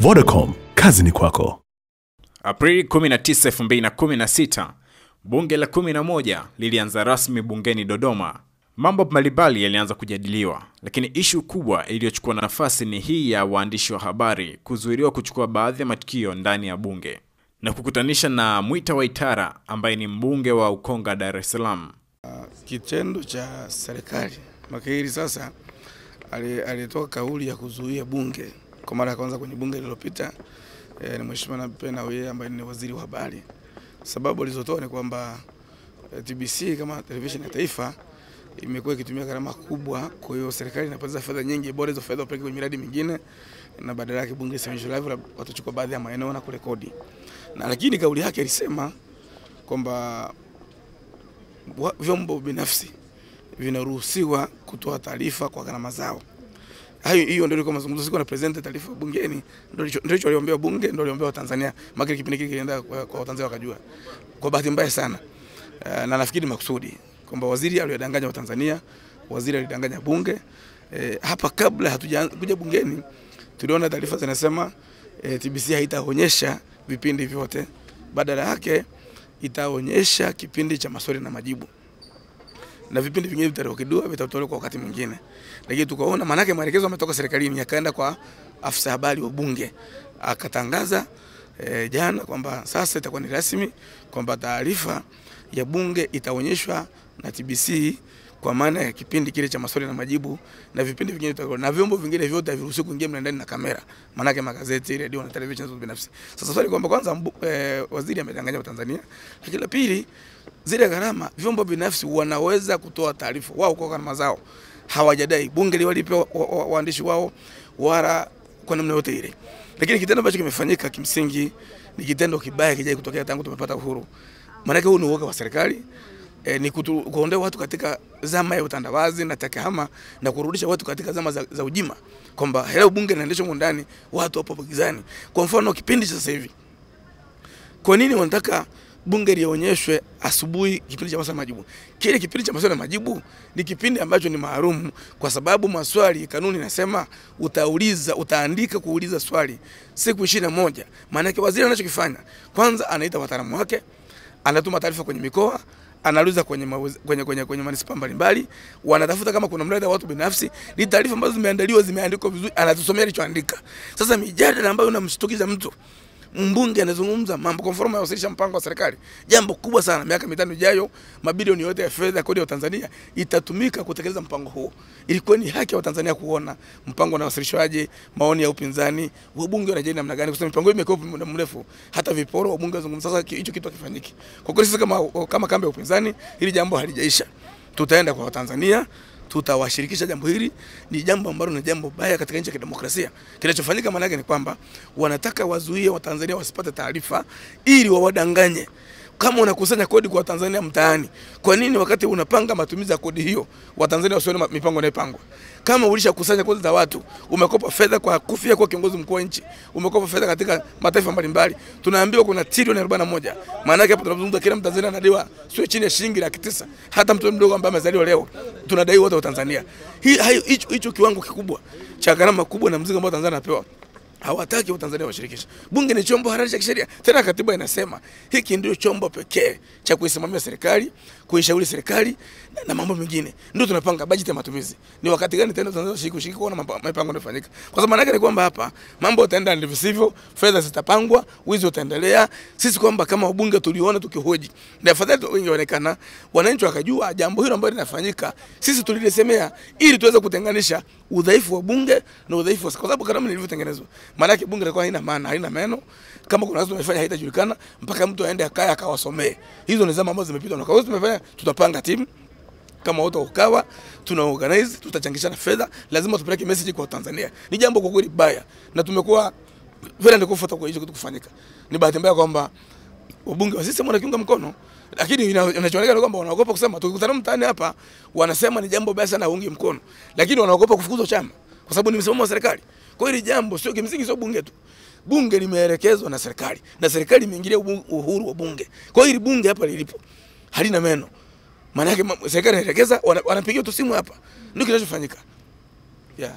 Vodacom, kazi ni kwako. Aprili 19, 2016, bunge la 11 lilianza rasmi bungeni Dodoma. Mambo mbalimbali yalianza kujadiliwa, lakini ishu kubwa iliyochukua nafasi ni hii ya waandishi wa habari kuzuiliwa kuchukua baadhi ya matukio ndani ya bunge na kukutanisha na Mwita Waitara ambaye ni mbunge wa Ukonga, Dar es Salaam. Kitendo cha serikali maka sasa alitoa kauli ya kuzuia bunge kwa mara ya kwanza kwenye bunge lililopita e, ni Mheshimiwa Nape Nnauye ambaye ni waziri wa habari. Sababu alizotoa ni kwamba e, eh, TBC kama televisheni ya taifa imekuwa ikitumia gharama kubwa, kwa hiyo serikali inapoteza fedha nyingi, bora hizo fedha upeleke kwenye miradi mingine, na badala yake bunge lisimamishwe live, watachukua baadhi ya maeneo na kurekodi. Na lakini kauli yake alisema kwamba vyombo binafsi vinaruhusiwa kutoa taarifa kwa gharama zao. Hayo hiyo ndio ilikuwa mazungumzo, siku na present taarifa bungeni, ndio ndicho aliombea bunge, ndio aliombea Tanzania, maana kipindi kile kilienda kwa Tanzania wakajua. Kwa bahati mbaya sana, eh, na nafikiri makusudi kwamba waziri aliyodanganya Watanzania, waziri alidanganya bunge. E, hapa kabla hatujakuja bungeni tuliona taarifa zinasema e, eh, TBC haitaonyesha vipindi vyote, badala yake itaonyesha kipindi cha maswali na majibu na vipindi vingine vitarekodiwa vitatolewa kwa wakati mwingine, lakini tukaona, maanake maelekezo ametoka serikalini yakaenda kwa afisa habari wa Bunge akatangaza e, jana kwamba sasa itakuwa ni rasmi kwamba taarifa ya Bunge itaonyeshwa na TBC kwa maana ya kipindi kile cha maswali na majibu na vipindi vingine tutakuwa na vyombo vingine vyote haviruhusi kuingia ndani na kamera, maana yake magazeti, redio na televisheni zote binafsi. Sasa swali kwamba kwanza mbu, e, waziri amedanganya Watanzania, lakini la pili, zile gharama vyombo binafsi wanaweza kutoa taarifa wao kwa gharama zao, hawajadai bunge liwalipe waandishi wa, wa, wao wala kwa namna yote ile. Lakini kitendo ambacho kimefanyika kimsingi ni kitendo kibaya kijai kutokea tangu tumepata uhuru. Maana yake huu ni uoga wa serikali e, ni kuondoa watu katika zama ya utandawazi na takahama na kurudisha watu katika zama za, za ujima, kwamba leo bunge linaendeshwa ndani, watu wapo gizani. Kwa mfano kipindi cha sasa hivi, kwa nini wanataka bunge lionyeshwe asubuhi kipindi cha maswali majibu. Kile kipindi cha maswali majibu ni kipindi ambacho ni maalum, kwa sababu maswali, kanuni inasema utauliza, utaandika kuuliza swali siku ishirini moja. Maana yake waziri anachokifanya kwanza, anaita wataalamu wake, anatuma taarifa kwenye mikoa analuza kwenye, mawezi, kwenye, kwenye, kwenye manispaa mbalimbali, wanatafuta kama kuna mradi wa watu binafsi. Ni taarifa ambazo zimeandaliwa zimeandikwa vizuri, anazisomea alichoandika. Sasa mijadala ambayo unamshtukiza mtu mbunge anazungumza mambo, kwa mfano mpango wa serikali, jambo kubwa sana. Miaka mitano ijayo, mabilioni yote ya fedha kodi ya Tanzania itatumika kutekeleza mpango huo. Ilikuwa ni haki ya Watanzania kuona mpango unawasilishwaje, maoni ya upinzani, wabunge wanajali namna gani, kwa sababu mipango hii imekuwa muda mrefu, hata viporo wabunge wazungumza. Sasa hicho kitu hakifanyiki. Kwa kweli, sisi kama kama kambi ya upinzani, hili jambo halijaisha, tutaenda kwa Watanzania tutawashirikisha jambo hili. Ni jambo ambalo ni jambo baya katika nchi ya kidemokrasia. Kinachofanyika maana yake ni kwamba wanataka wazuie Watanzania wasipate taarifa ili wawadanganye kama unakusanya kodi kwa Tanzania mtaani, kwa nini wakati unapanga matumizi ya kodi hiyo Watanzania wasione mipango inayopangwa? Kama ulishakusanya kodi za watu, umekopa fedha kwa kufia kwa kiongozi mkuu wa nchi, umekopa fedha katika mataifa mbalimbali, tunaambiwa kuna trilioni arobaini na moja. Maana yake hapo tunazungumza kila Mtanzania anadaiwa sio chini ya shilingi laki tisa. Hata mtoto mdogo ambaye amezaliwa leo tunadaiwa wote wa Tanzania. Watanzania. Hicho kiwango kikubwa cha gharama kubwa na mzigo ambao Tanzania anapewa hawataki Watanzania washirikishe. Bunge ni chombo halali cha kisheria, tena katiba inasema hiki ndio chombo pekee cha kuisimamia serikali, kuishauri serikali na, na mambo mengine. Ndio tunapanga bajeti ya matumizi. Ni wakati gani tena Tanzania washiriki kushiriki kuona mipango inafanyika, kwa sababu maana ni kwamba hapa mambo yataenda ndivyo sivyo, fedha zitapangwa, wizi utaendelea. Sisi kwamba kama wabunge tuliona tukihoji, ni afadhali ingeonekana wananchi wakajua jambo hilo ambalo linafanyika, sisi tulilisemea ili tuweze kutenganisha udhaifu wa bunge na udhaifu wa, kwa sababu karamu nilivyotengenezwa maana yake bunge lilikuwa haina maana, haina meno. Kama kuna kazi tumefanya haitajulikana mpaka mtu aende akaya akawasomee. Hizo ni zama ambazo zimepita. Na kwa hiyo tumefanya, tutapanga timu kama wote ukawa tuna organize, tutachangishana fedha, lazima tupeleke message kwa Tanzania. Ni jambo kwa kweli baya na tumekuwa vile ndio kufuata kwa hicho kitu kufanyika. Ni bahati mbaya kwamba wabunge wa mwana kiunga mkono lakini inachoonekana kwamba wanaogopa kusema. Tukikutana mtaani hapa, wanasema ni jambo baya sana, waungi mkono, lakini wanaogopa kufukuzwa chama kwa sababu ni msimamo wa serikali. Kwa hiyo hili jambo sio kimsingi, sio bunge tu, bunge limeelekezwa na serikali na serikali imeingilia uhuru wa bunge. Kwa hiyo hili bunge hapa lilipo halina meno, maana yake serikali inaelekeza, wanapigia tu simu hapa, ndio kinachofanyika yeah.